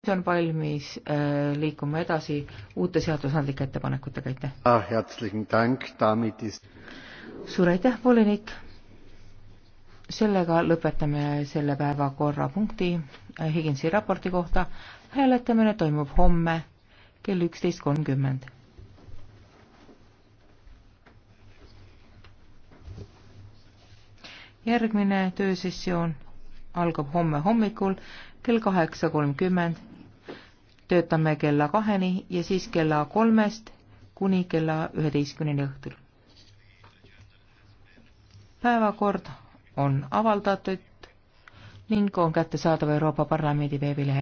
nüüd on valmis äh, liikuma edasi uute seadusandlike ettepanekutega, aitäh ah,! suur aitäh, volinik! sellega lõpetame selle päevakorrapunkti äh, Higinsi raporti kohta. hääletamine toimub homme kell üksteist kolmkümmend. järgmine töösessioon algab homme hommikul kell kaheksa kolmkümmend töötame kella kaheni ja siis kella kolmest kuni kella üheteistkümneni õhtul. päevakord on avaldatud ning on kättesaadav Euroopa Parlamendi veebilehel.